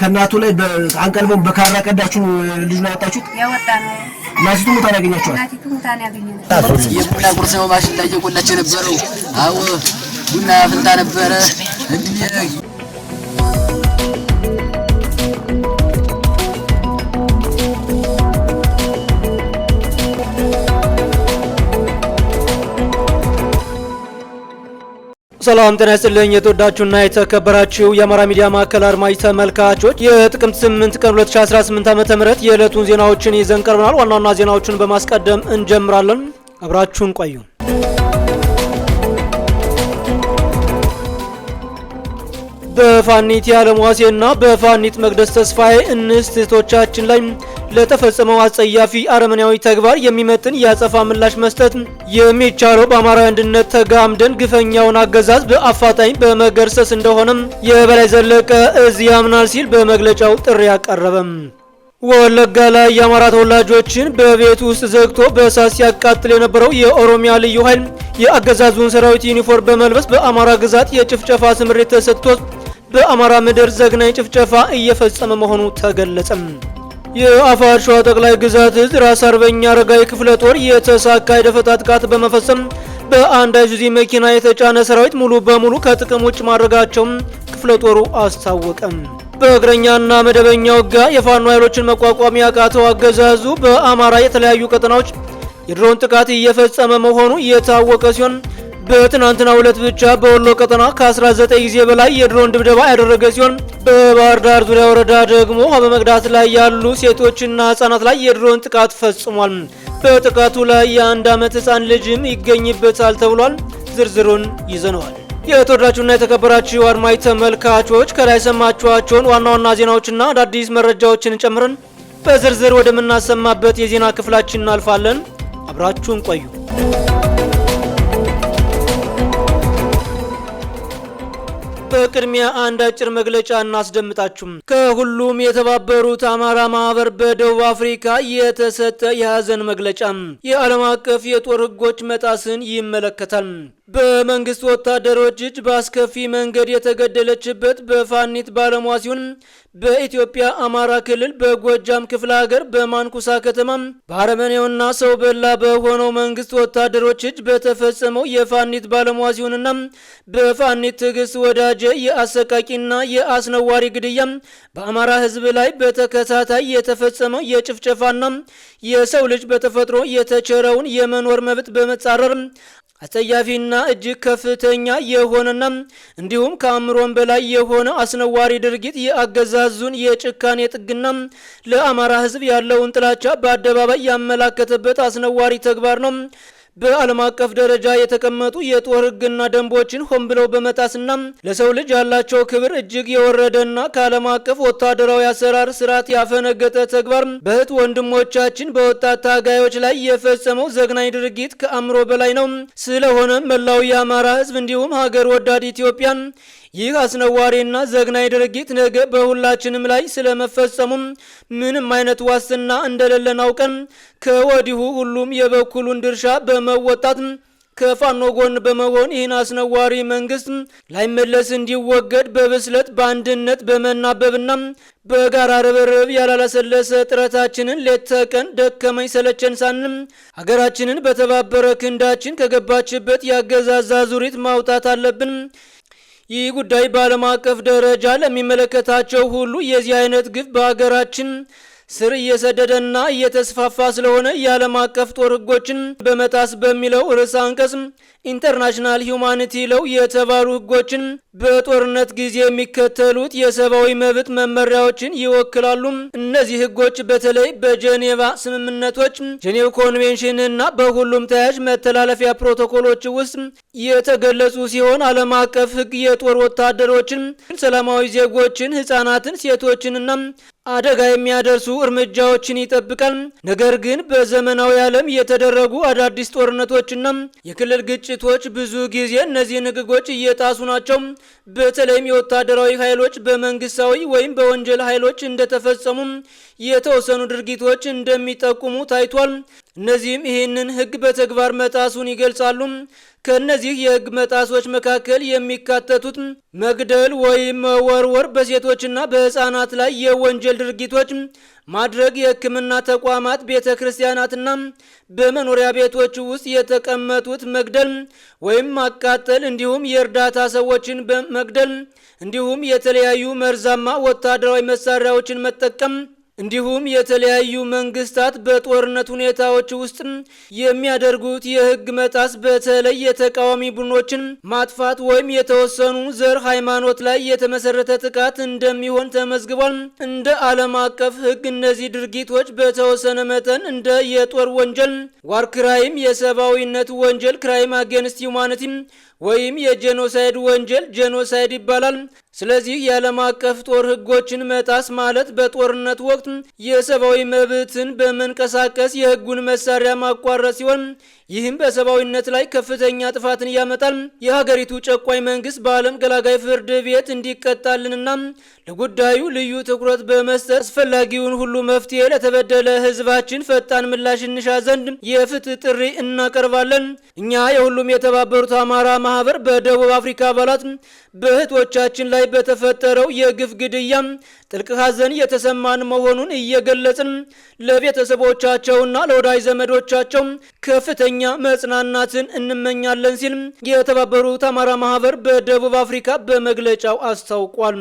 ከእናቱ ላይ አንቀልበን በካራ ቀዳችሁ ልጁን አወጣችሁት። እናቲቱ ሙታን ያገኛችኋል። ሙታ የቡና ቁርስ ነው ማሽን ላይ እየቆላች የነበረው። አዎ ቡና አፍልታ ነበረ። ሰላም ጤና ይስጥልኝ። የተወዳችሁና የተከበራችሁ የአማራ ሚዲያ ማዕከል አድማጭ ተመልካቾች የጥቅምት 8 ቀን 2018 ዓ.ም የዕለቱን ዜናዎችን ይዘን ቀርበናል። ዋና ዋና ዜናዎችን በማስቀደም እንጀምራለን። አብራችሁን ቆዩ። በፋኒት የአለምዋሴ እና በፋኒት መቅደስ ተስፋዬ እንስት እህቶቻችን ላይ ለተፈጸመው አጸያፊ አረመኔያዊ ተግባር የሚመጥን የአጸፋ ምላሽ መስጠት የሚቻለው በአማራዊ አንድነት ተጋምደን ግፈኛውን አገዛዝ በአፋጣኝ በመገርሰስ እንደሆነም የበላይ ዘለቀ እዝ ያምናል ሲል በመግለጫው ጥሪ አቀረበም። ወለጋ ላይ የአማራ ተወላጆችን በቤት ውስጥ ዘግቶ በእሳት ሲያቃጥል የነበረው የኦሮሚያ ልዩ ኃይል የአገዛዙን ሰራዊት ዩኒፎርም በመልበስ በአማራ ግዛት የጭፍጨፋ ስምሪት ተሰጥቶት በአማራ ምድር ዘግናኝ ጭፍጨፋ እየፈጸመ መሆኑ ተገለጸም። የአፋር ሸዋ ጠቅላይ ግዛት እዝ ራስ አርበኛ አረጋዊ ክፍለ ጦር የተሳካ የደፈጣ ጥቃት በመፈጸም በአንድ አይሱዚ መኪና የተጫነ ሰራዊት ሙሉ በሙሉ ከጥቅም ውጭ ማድረጋቸውም ክፍለ ጦሩ አስታወቀም። በእግረኛና መደበኛ ውጋ የፋኖ ኃይሎችን መቋቋም ያቃተው አገዛዙ በአማራ የተለያዩ ቀጠናዎች የድሮን ጥቃት እየፈጸመ መሆኑ እየታወቀ ሲሆን በትናንትና ሁለት ብቻ በወሎ ቀጠና ከ19 ጊዜ በላይ የድሮን ድብደባ ያደረገ ሲሆን በባህር ዳር ዙሪያ ወረዳ ደግሞ በመቅዳት ላይ ያሉ ሴቶችና ህጻናት ላይ የድሮን ጥቃት ፈጽሟል። በጥቃቱ ላይ የአንድ ዓመት ህፃን ልጅም ይገኝበታል ተብሏል። ዝርዝሩን ይዘነዋል። የተወዳችሁና የተከበራችሁ አድማጭ ተመልካቾች ከላይ ሰማችኋቸውን ዋና ዋና ዜናዎችና አዳዲስ መረጃዎችን ጨምረን በዝርዝር ወደምናሰማበት የዜና ክፍላችን እናልፋለን። አብራችሁን ቆዩ። በቅድሚያ አንድ አጭር መግለጫ እናስደምጣችሁም። ከሁሉም የተባበሩት አማራ ማህበር በደቡብ አፍሪካ የተሰጠ የሀዘን መግለጫ የዓለም አቀፍ የጦር ህጎች መጣስን ይመለከታል። በመንግስት ወታደሮች እጅ በአስከፊ መንገድ የተገደለችበት በፋኒት ባለሟ ሲሆን በኢትዮጵያ አማራ ክልል በጎጃም ክፍለ ሀገር በማንኩሳ ከተማ በአረመኔውና ሰው በላ በሆነው መንግስት ወታደሮች እጅ በተፈጸመው የፋኒት ባለሟ ሲሆንና በፋኒት ትዕግስት ወዳጀ የአሰቃቂና የአስነዋሪ ግድያ በአማራ ህዝብ ላይ በተከታታይ የተፈጸመው የጭፍጨፋና የሰው ልጅ በተፈጥሮ የተቸረውን የመኖር መብት በመጻረር አጸያፊና እጅግ ከፍተኛ የሆነና እንዲሁም ከአእምሮን በላይ የሆነ አስነዋሪ ድርጊት የአገዛዙን የጭካኔ ጥግና ለአማራ ሕዝብ ያለውን ጥላቻ በአደባባይ ያመላከተበት አስነዋሪ ተግባር ነው። በዓለም አቀፍ ደረጃ የተቀመጡ የጦር ሕግና ደንቦችን ሆን ብለው በመጣስና ለሰው ልጅ ያላቸው ክብር እጅግ የወረደና ከዓለም አቀፍ ወታደራዊ አሰራር ስርዓት ያፈነገጠ ተግባር በእህት ወንድሞቻችን በወጣት ታጋዮች ላይ የፈጸመው ዘግናኝ ድርጊት ከአእምሮ በላይ ነው። ስለሆነ መላው የአማራ ሕዝብ እንዲሁም ሀገር ወዳድ ኢትዮጵያን ይህ አስነዋሪና ዘግናይ ድርጊት ነገ በሁላችንም ላይ ስለመፈጸሙም ምንም አይነት ዋስትና እንደሌለን አውቀን ከወዲሁ ሁሉም የበኩሉን ድርሻ በመወጣት ከፋኖ ጎን በመሆን ይህን አስነዋሪ መንግስት ላይመለስ እንዲወገድ በብስለት በአንድነት በመናበብና በጋራ ርብርብ ያላላሰለሰ ጥረታችንን ሌት ተቀን ደከመኝ ሰለቸን ሳንም ሀገራችንን በተባበረ ክንዳችን ከገባችበት የአገዛዝ አዙሪት ማውጣት አለብን። ይህ ጉዳይ በዓለም አቀፍ ደረጃ ለሚመለከታቸው ሁሉ የዚህ አይነት ግፍ በሀገራችን ስር እየሰደደና እየተስፋፋ ስለሆነ የዓለም አቀፍ ጦር ሕጎችን በመጣስ በሚለው ርዕስ አንቀጽ ኢንተርናሽናል ሂውማኒቲ ለው የተባሉ ህጎችን በጦርነት ጊዜ የሚከተሉት የሰብአዊ መብት መመሪያዎችን ይወክላሉ። እነዚህ ህጎች በተለይ በጀኔቫ ስምምነቶች፣ ጄኔቭ ኮንቬንሽን እና በሁሉም ተያያዥ መተላለፊያ ፕሮቶኮሎች ውስጥ የተገለጹ ሲሆን ዓለም አቀፍ ህግ የጦር ወታደሮችን፣ ሰላማዊ ዜጎችን፣ ህጻናትን፣ ሴቶችንና አደጋ የሚያደርሱ እርምጃዎችን ይጠብቃል። ነገር ግን በዘመናዊ ዓለም የተደረጉ አዳዲስ ጦርነቶችና የክልል ግጭት ድርጅቶች ብዙ ጊዜ እነዚህ ሕጎች እየጣሱ ናቸው። በተለይም የወታደራዊ ኃይሎች በመንግስታዊ ወይም በወንጀል ኃይሎች እንደተፈጸሙ የተወሰኑ ድርጊቶች እንደሚጠቁሙ ታይቷል። እነዚህም ይህንን ህግ በተግባር መጣሱን ይገልጻሉ። ከእነዚህ የህግ መጣሶች መካከል የሚካተቱት መግደል ወይም መወርወር፣ በሴቶችና በህፃናት ላይ የወንጀል ድርጊቶች ማድረግ የሕክምና ተቋማት ቤተ ክርስቲያናትና በመኖሪያ ቤቶች ውስጥ የተቀመጡት መግደል ወይም ማቃጠል እንዲሁም የእርዳታ ሰዎችን መግደል እንዲሁም የተለያዩ መርዛማ ወታደራዊ መሳሪያዎችን መጠቀም እንዲሁም የተለያዩ መንግስታት በጦርነት ሁኔታዎች ውስጥ የሚያደርጉት የህግ መጣስ በተለይ የተቃዋሚ ቡድኖችን ማጥፋት ወይም የተወሰኑ ዘር፣ ሃይማኖት ላይ የተመሰረተ ጥቃት እንደሚሆን ተመዝግቧል። እንደ ዓለም አቀፍ ህግ እነዚህ ድርጊቶች በተወሰነ መጠን እንደ የጦር ወንጀል ዋር ክራይም፣ የሰብአዊነት ወንጀል ክራይም አጌንስት ዩማኒቲ ወይም የጄኖሳይድ ወንጀል ጄኖሳይድ ይባላል። ስለዚህ የዓለም አቀፍ ጦር ህጎችን መጣስ ማለት በጦርነት ወቅት የሰብአዊ መብትን በመንቀሳቀስ የህጉን መሳሪያ ማቋረጥ ሲሆን ይህም በሰብአዊነት ላይ ከፍተኛ ጥፋትን ያመጣል። የሀገሪቱ ጨቋኝ መንግስት በዓለም ገላጋይ ፍርድ ቤት እንዲቀጣልንና ለጉዳዩ ልዩ ትኩረት በመስጠት አስፈላጊውን ሁሉ መፍትሄ ለተበደለ ህዝባችን ፈጣን ምላሽ እንሻ ዘንድ የፍትህ ጥሪ እናቀርባለን። እኛ የሁሉም የተባበሩት አማራ ማህበር በደቡብ አፍሪካ አባላት በእህቶቻችን ላይ በተፈጠረው የግፍ ግድያ ጥልቅ ሐዘን የተሰማን መሆኑን እየገለጽን ለቤተሰቦቻቸውና ለወዳጅ ዘመዶቻቸው ከፍተኛ መጽናናትን እንመኛለን ሲል የተባበሩት አማራ ማህበር በደቡብ አፍሪካ በመግለጫው አስታውቋል።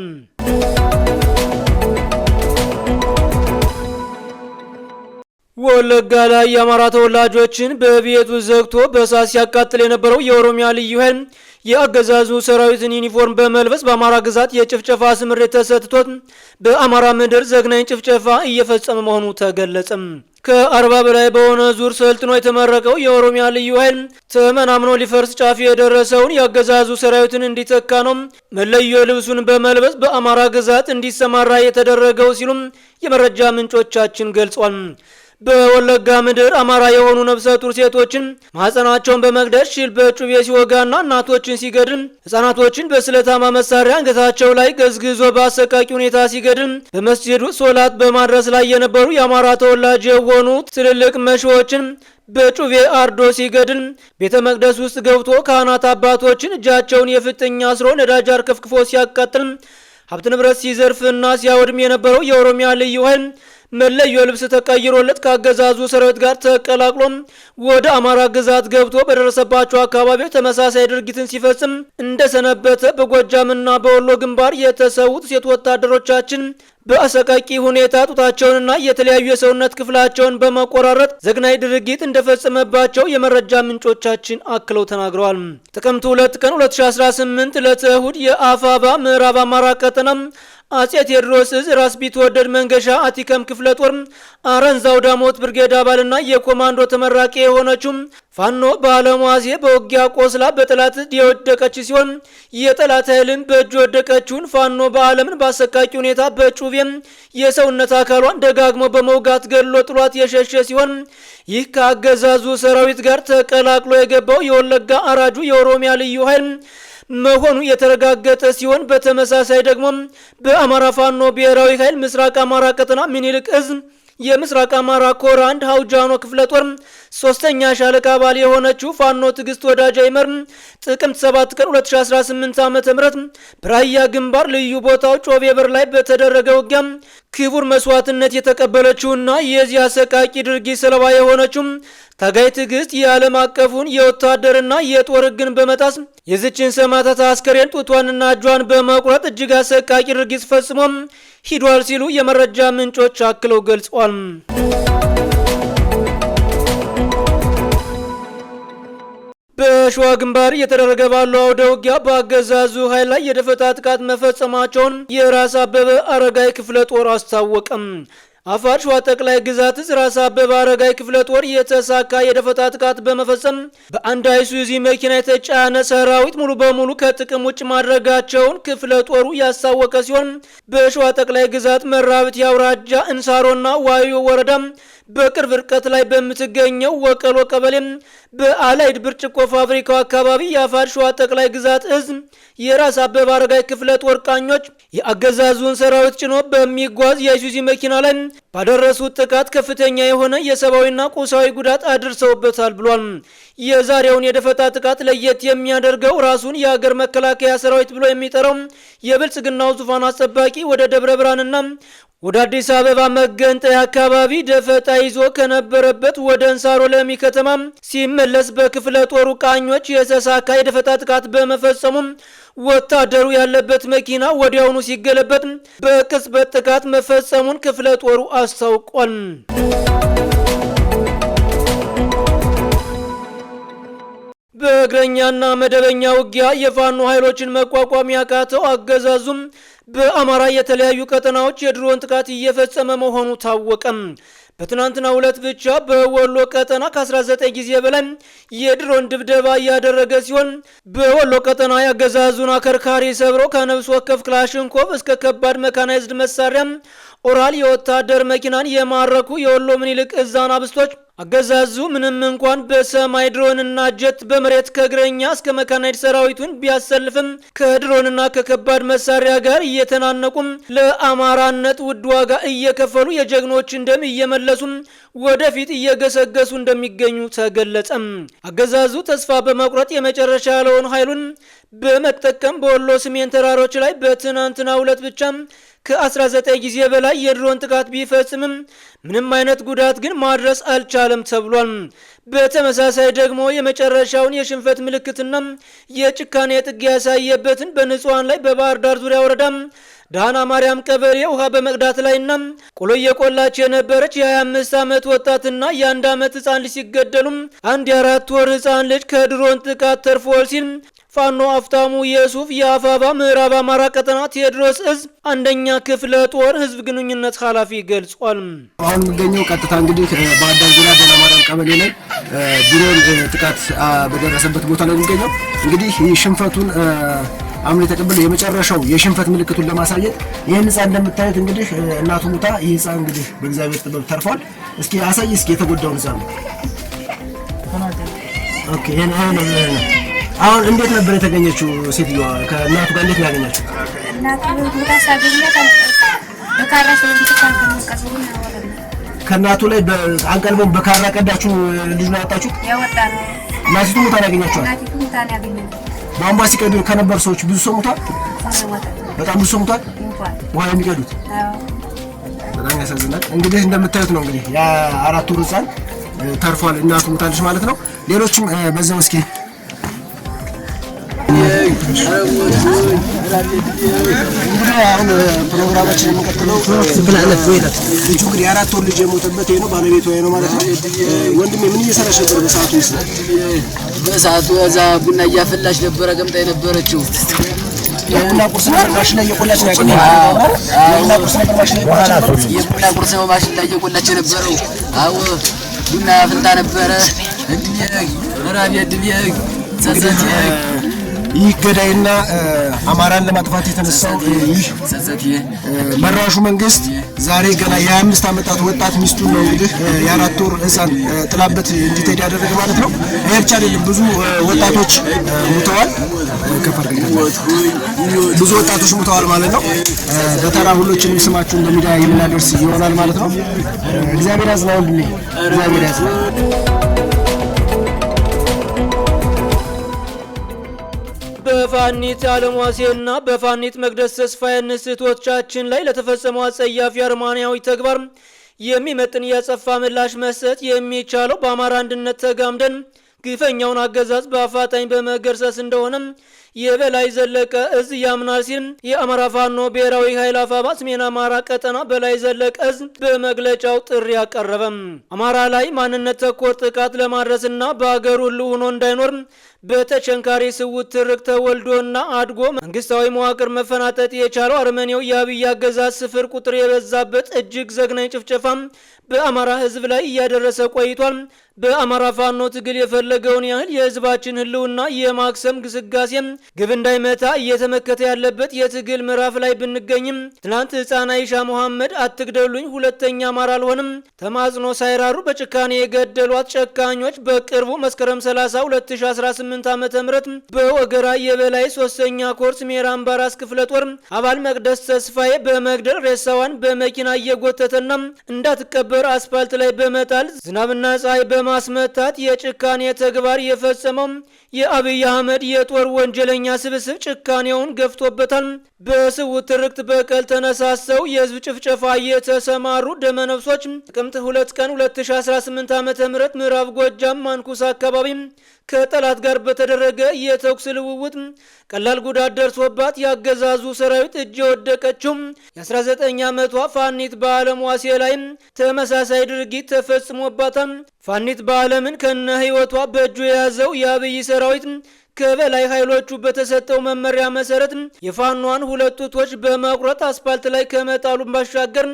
ወለጋ ላይ የአማራ ተወላጆችን በቤቱ ዘግቶ በእሳት ሲያቃጥል የነበረው የኦሮሚያ ልዩ ኃይል የአገዛዙ ሰራዊትን ዩኒፎርም በመልበስ በአማራ ግዛት የጭፍጨፋ ስምሬት ተሰጥቶት በአማራ ምድር ዘግናኝ ጭፍጨፋ እየፈጸመ መሆኑ ተገለጸም። ከአርባ በላይ በሆነ ዙር ሰልጥኖ የተመረቀው የኦሮሚያ ልዩ ኃይል ተመናምኖ ሊፈርስ ጫፍ የደረሰውን የአገዛዙ ሰራዊትን እንዲተካ ነው መለዮ ልብሱን በመልበስ በአማራ ግዛት እንዲሰማራ የተደረገው ሲሉም የመረጃ ምንጮቻችን ገልጿል። በወለጋ ምድር አማራ የሆኑ ነፍሰ ጡር ሴቶችን ማህፀናቸውን በመግደል ሽል በጩቤ ሲወጋና እናቶችን ሲገድል ህጻናቶችን በስለታማ መሳሪያ አንገታቸው ላይ ገዝግዞ በአሰቃቂ ሁኔታ ሲገድል በመስጅዱ ሶላት በማድረስ ላይ የነበሩ የአማራ ተወላጅ የሆኑ ትልልቅ መሺዎችን በጩቤ አርዶ ሲገድል ቤተ መቅደስ ውስጥ ገብቶ ካህናት አባቶችን እጃቸውን የፍጥኝ አስሮ ነዳጅ አርከፍክፎ ሲያቃጥል ሀብት ንብረት ሲዘርፍና ሲያወድም የነበረው የኦሮሚያ ልዩ ኃይል መለዮ ልብስ ተቀይሮለት ከአገዛዙ ሰራዊት ጋር ተቀላቅሎም ወደ አማራ ግዛት ገብቶ በደረሰባቸው አካባቢዎች ተመሳሳይ ድርጊትን ሲፈጽም እንደሰነበተ በጎጃምና በወሎ ግንባር የተሰዉት ሴት ወታደሮቻችን በአሰቃቂ ሁኔታ ጡታቸውንና የተለያዩ የሰውነት ክፍላቸውን በመቆራረጥ ዘግናይ ድርጊት እንደፈጸመባቸው የመረጃ ምንጮቻችን አክለው ተናግረዋል። ጥቅምት 2 ቀን 2018 ዕለተ እሁድ የአፋባ ምዕራብ አማራ ቀጠና አጼ ቴዎድሮስ እዝ ራስ ቢትወደድ መንገሻ አቲከም ክፍለ ጦር አረንዛው ዳሞት ብርጌድ አባልና የኮማንዶ ተመራቂ የሆነችው ፋኖ ባለሟዜ በውጊያ ቆስላ በጠላት የወደቀች ሲሆን የጠላት ኃይልን በእጅ የወደቀችውን ፋኖ በዓለምን በአሰቃቂ ሁኔታ በጩቤም የሰውነት አካሏን ደጋግሞ በመውጋት ገድሎ ጥሏት የሸሸ ሲሆን ይህ ከአገዛዙ ሰራዊት ጋር ተቀላቅሎ የገባው የወለጋ አራጁ የኦሮሚያ ልዩ ኃይል መሆኑ የተረጋገጠ ሲሆን በተመሳሳይ ደግሞ በአማራ ፋኖ ብሔራዊ ኃይል ምስራቅ አማራ ቀጠና ምኒልክ እዝ የምስራቅ አማራ ኮር አንድ ሀውጃኖ ክፍለ ጦር ሶስተኛ ሻለቃ አባል የሆነችው ፋኖ ትዕግስት ወዳጅ አይመር ጥቅምት 7 ቀን 2018 ዓ ም በራያ ግንባር ልዩ ቦታው ጮቤ በር ላይ በተደረገ ውጊያ ክቡር መስዋዕትነት የተቀበለችውና የዚህ አሰቃቂ ድርጊት ሰለባ የሆነችው ታጋይ ትዕግስት የዓለም አቀፉን የወታደርና የጦር ሕግን በመጣስ የዝችን ሰማዕታት አስከሬን ጡቷንና እጇን በመቁረጥ እጅግ አሰቃቂ ድርጊት ፈጽሞ ሂዷል ሲሉ የመረጃ ምንጮች አክለው ገልጸዋል። በሸዋ ግንባር እየተደረገ ባለው አውደ ውጊያ በአገዛዙ ኃይል ላይ የደፈጣ ጥቃት መፈጸማቸውን የራስ አበበ አረጋይ ክፍለ ጦር አስታወቀም። አፋር ሸዋ ጠቅላይ ግዛት እዝ ራስ አበበ አረጋይ ክፍለ ጦር የተሳካ የደፈጣ ጥቃት በመፈጸም በአንድ አይሱዚ መኪና የተጫነ ሰራዊት ሙሉ በሙሉ ከጥቅም ውጭ ማድረጋቸውን ክፍለ ጦሩ ያስታወቀ ሲሆን በሸዋ ጠቅላይ ግዛት መራብት የአውራጃ እንሳሮና ዋዩ ወረዳም በቅርብ ርቀት ላይ በምትገኘው ወቀሎ ቀበሌም በአላይድ ብርጭቆ ፋብሪካው አካባቢ የአፋድ ሸዋ ጠቅላይ ግዛት እዝ የራስ አበበ አረጋይ ክፍለ ጦር ቃኞች የአገዛዙን ሰራዊት ጭኖ በሚጓዝ የአይሱዚ መኪና ላይ ባደረሱት ጥቃት ከፍተኛ የሆነ የሰብአዊና ቁሳዊ ጉዳት አድርሰውበታል ብሏል። የዛሬውን የደፈጣ ጥቃት ለየት የሚያደርገው ራሱን የአገር መከላከያ ሰራዊት ብሎ የሚጠራው የብልጽግናው ዙፋን አስጠባቂ ወደ ደብረ ብርሃንና ወደ አዲስ አበባ መገንጠያ አካባቢ ደፈጣ ይዞ ከነበረበት ወደ እንሳሮ ለሚ ከተማም ሲመለስ በክፍለ ጦሩ ቃኞች የተሳካ የደፈጣ ጥቃት በመፈጸሙም ወታደሩ ያለበት መኪና ወዲያውኑ ሲገለበጥ በቅጽበት ጥቃት መፈጸሙን ክፍለ ጦሩ አስታውቋል። በእግረኛና መደበኛ ውጊያ የፋኖ ኃይሎችን መቋቋም ያቃተው አገዛዙም በአማራ የተለያዩ ቀጠናዎች የድሮን ጥቃት እየፈጸመ መሆኑ ታወቀም። በትናንትና ሁለት ብቻ በወሎ ቀጠና ከ19 ጊዜ በላይ የድሮን ድብደባ እያደረገ ሲሆን በወሎ ቀጠና ያገዛዙን አከርካሪ ሰብሮ ከነብስ ወከፍ ክላሽንኮቭ እስከ ከባድ መካናይዝድ መሳሪያ ኦራል የወታደር መኪናን የማረኩ የወሎ ምኒልክ እዛን አብስቶች አገዛዙ ምንም እንኳን በሰማይ ድሮንና ጀት በመሬት ከእግረኛ እስከ መካናይድ ሰራዊቱን ቢያሰልፍም ከድሮንና ከከባድ መሳሪያ ጋር እየተናነቁም ለአማራነት ውድ ዋጋ እየከፈሉ የጀግኖችን ደም እየመለሱም ወደፊት እየገሰገሱ እንደሚገኙ ተገለጸም። አገዛዙ ተስፋ በመቁረጥ የመጨረሻ ያለውን ኃይሉን በመጠቀም በወሎ ስሜን ተራሮች ላይ በትናንትና ሁለት ብቻ ከ19 ጊዜ በላይ የድሮን ጥቃት ቢፈጽምም ምንም አይነት ጉዳት ግን ማድረስ አልቻለም ተብሏል። በተመሳሳይ ደግሞ የመጨረሻውን የሽንፈት ምልክትና የጭካኔ ጥግ ያሳየበትን በንጹሐን ላይ በባህር ዳር ዙሪያ ወረዳ ዳህና ማርያም ቀበሌ ውሃ በመቅዳት ላይና ቆሎ እየቆላች የነበረች የ25 ዓመት ወጣትና የአንድ ዓመት ህፃን ልጅ ሲገደሉም አንድ የአራት ወር ህፃን ልጅ ከድሮን ጥቃት ተርፏል ሲል ፋኖ አፍታሙ የሱፍ የአፋባ ምዕራብ አማራ ቀጠና ቴዎድሮስ እዝ አንደኛ ክፍለ ጦር ህዝብ ግንኙነት ኃላፊ ገልጿል። አሁን የሚገኘው ቀጥታ እንግዲህ በአዳር ዙሪያ በለማርያም ቀበሌ ላይ ድሮን ጥቃት በደረሰበት ቦታ ላይ የሚገኘው እንግዲህ ሽንፈቱን አምኖ የተቀበለው የመጨረሻው የሽንፈት ምልክቱን ለማሳየት ይህን ህፃን እንደምታዩት እንግዲህ እናቱ ሙታ፣ ይህ ህፃን እንግዲህ በእግዚአብሔር ጥበብ ተርፏል። እስኪ አሳይ እስኪ የተጎዳውን ህፃን ነው አሁን እንዴት ነበር የተገኘችው ሴትዮዋ? ከእናቱ ጋር እንዴት ነው ያገኛችሁ? ከእናቱ ላይ አንቀልበው በካራ ቀዳችሁ ልጁን አወጣችሁ። እናቲቱ ሙታን ያገኛችኋል። ቧንቧ ሲቀዱ ከነበሩ ሰዎች ብዙ ሰው ሙቷል። በጣም ብዙ ሰው ሙቷል። ውሃ የሚቀዱት በጣም ያሳዝናል። እንግዲህ እንደምታዩት ነው እንግዲህ የአራት ወር ህፃን ተርፏል። እናቱ ሙታለች ማለት ነው። ሌሎችም በዛው እስኪ እንግዲህ አሁን ፕሮግራማችን የሚቀጥለው ልጁ እንግዲህ አራት ወር ልጅ የሞተበት ነው። ባለቤቱ ወይ ነው ማለት ነው። ወንድሜ ምን እየሰራሽ ነበር በሰዓቱ? ይስላል በሰዓቱ እዛ ቡና እያፈላች ነበረ ገምጣ የነበረችው የቡና ቁርስ ነበር ነው ማሽን ላይ የቆላች የነበረው። አዎ ቡና አፍልታ ነበረ። እድሜ ራቢ እድሜ ጸጸት ይህ ገዳይና አማራን ለማጥፋት የተነሳው ይህ መራሹ መንግስት ዛሬ ገና የ25 ዓመታት ወጣት ሚስቱን ነው እንግዲህ የአራት ወር ሕፃን ጥላበት እንዲትሄድ ያደረገ ማለት ነው። ይሄ ብቻ አይደለም፣ ብዙ ወጣቶች ሙተዋል። ብዙ ወጣቶች ሙተዋል ማለት ነው። በተራ ሁሎችንም ስማችሁን በሚዲያ የምናደርስ ይሆናል ማለት ነው። እግዚአብሔር ያዝናው። እግዚአብሔር ያዝናው። በፋኒት ዋሴና በፋኒት መቅደስ ተስፋዬ ንስቶቻችን ላይ ለተፈጸመው አጸያፊ አርማንያዊ ተግባር የሚመጥን የአጸፋ ምላሽ መስጠት የሚቻለው በአማራ አንድነት ተጋምደን ግፈኛውን አገዛዝ በአፋጣኝ በመገርሰስ እንደሆነም የበላይ ዘለቀ እዝ ያምናል ሲል የአማራ ፋኖ ብሔራዊ ኃይል አፋባ ሰሜን አማራ ቀጠና በላይ ዘለቀ እዝ በመግለጫው ጥሪ አቀረበም። አማራ ላይ ማንነት ተኮር ጥቃት ለማድረስና በሀገር ሁሉ ሆኖ እንዳይኖር በተቸንካሪ ስውት ትርክ ተወልዶና አድጎ መንግስታዊ መዋቅር መፈናጠጥ የቻለው አርመኔው የአብይ አገዛዝ ስፍር ቁጥር የበዛበት እጅግ ዘግናኝ ጭፍጨፋም በአማራ ህዝብ ላይ እያደረሰ ቆይቷል። በአማራ ፋኖ ትግል የፈለገውን ያህል የህዝባችን ህልውና የማክሰም ግስጋሴ ግብ እንዳይመታ እየተመከተ ያለበት የትግል ምዕራፍ ላይ ብንገኝም ትናንት ህፃን አይሻ መሐመድ አትግደሉኝ፣ ሁለተኛ አማራ አልሆንም ተማጽኖ ሳይራሩ በጭካኔ የገደሏት ጨካኞች በቅርቡ መስከረም 30 2018 ዓ ም በወገራ የበላይ ሶስተኛ ኮርስ ሜራ አምባራስ ክፍለ ጦር አባል መቅደስ ተስፋዬ በመግደል ሬሳዋን በመኪና እየጎተተና እንዳትቀበል በር አስፋልት ላይ በመጣል ዝናብና ፀሐይ በማስመታት የጭካኔ ተግባር የፈጸመው የአብይ አህመድ የጦር ወንጀለኛ ስብስብ ጭካኔውን ገፍቶበታል። በስውት ትርክት በቀል ተነሳሰው የህዝብ ጭፍጨፋ የተሰማሩ ደመነፍሶች ጥቅምት 2 ቀን 2018 ዓ ም ምዕራብ ጎጃም ማንኩስ አካባቢ ከጠላት ጋር በተደረገ የተኩስ ልውውጥ ቀላል ጉዳት ደርሶባት ያገዛዙ ሰራዊት እጅ የወደቀችው የ19 ዓመቷ ፋኒት በአለም ዋሴ ላይ ተመሳሳይ ድርጊት ተፈጽሞባታል። ፋኒት በአለምን ከነ ህይወቷ በእጁ የያዘው የአብይ ሰራዊት ከበላይ ኃይሎቹ በተሰጠው መመሪያ መሰረት የፋኗን ሁለት ጡቶች በመቁረጥ አስፓልት ላይ ከመጣሉ ባሻገር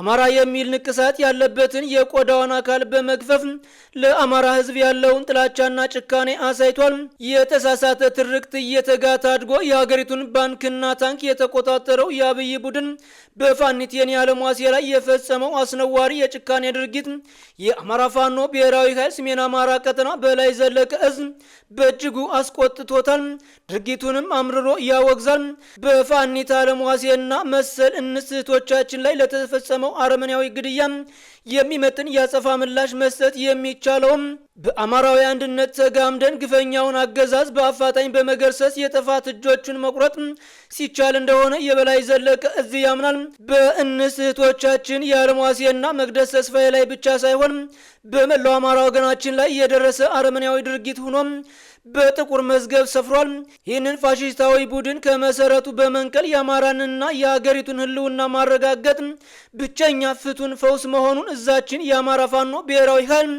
አማራ የሚል ንቅሳት ያለበትን የቆዳውን አካል በመግፈፍ ለአማራ ሕዝብ ያለውን ጥላቻና ጭካኔ አሳይቷል። የተሳሳተ ትርክት እየተጋታ አድጎ የሀገሪቱን ባንክና ታንክ የተቆጣጠረው የአብይ ቡድን የኔ ያለሟሴ ላይ የፈጸመው አስነዋሪ የጭካኔ ድርጊት የአማራ ፋኖ ብሔራዊ ኃይል ሰሜን አማራ ቀጠና በላይ ዘለቀ እዝ በእጅጉ አስቆጥቶታል። ድርጊቱንም አምርሮ ያወግዛል። በፋኒት አለሟሴና መሰል እንስቶቻችን ላይ ለተፈጸመው አረመኔያዊ ግድያ የሚመጥን የአጸፋ ምላሽ መስጠት የሚቻለውም በአማራዊ አንድነት ተጋምደን ግፈኛውን አገዛዝ በአፋጣኝ በመገርሰስ የጥፋት እጆቹን መቁረጥ ሲቻል እንደሆነ የበላይ ዘለቀ እዚህ ያምናል። በእንስ እህቶቻችን የአለምዋሴና መቅደስ ተስፋዬ ላይ ብቻ ሳይሆን በመላው አማራ ወገናችን ላይ የደረሰ አረመኔያዊ ድርጊት ሆኖም በጥቁር መዝገብ ሰፍሯል። ይህንን ፋሽስታዊ ቡድን ከመሰረቱ በመንቀል የአማራንና የአገሪቱን ህልውና ማረጋገጥ ብቸኛ ፍቱን ፈውስ መሆኑን እዛችን የአማራ ፋኖ ብሔራዊ ኃይል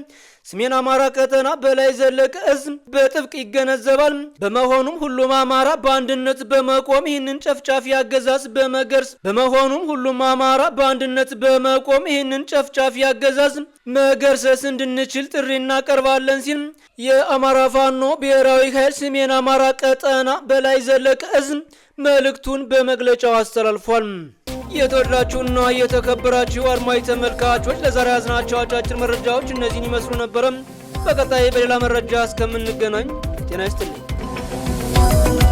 ሰሜን አማራ ቀጠና በላይ ዘለቀ እዝ በጥብቅ ይገነዘባል። በመሆኑም ሁሉም አማራ በአንድነት በመቆም ይህንን ጨፍጫፊ አገዛዝ በመገርስ በመሆኑም ሁሉም አማራ በአንድነት በመቆም ይህንን ጨፍጫፊ አገዛዝ መገርሰስ እንድንችል ጥሪ እናቀርባለን ሲል የአማራ ፋኖ ብሔራዊ ኃይል ሰሜን አማራ ቀጠና በላይ ዘለቀ እዝ መልእክቱን በመግለጫው አስተላልፏል። የተወደዳችሁና የተከበራችሁ አድማጭ ተመልካቾች ለዛሬ ያዝናቸው አጫጭር መረጃዎች እነዚህን ይመስሉ ነበረም። በቀጣይ በሌላ መረጃ እስከምንገናኝ ጤና ይስጥልኝ።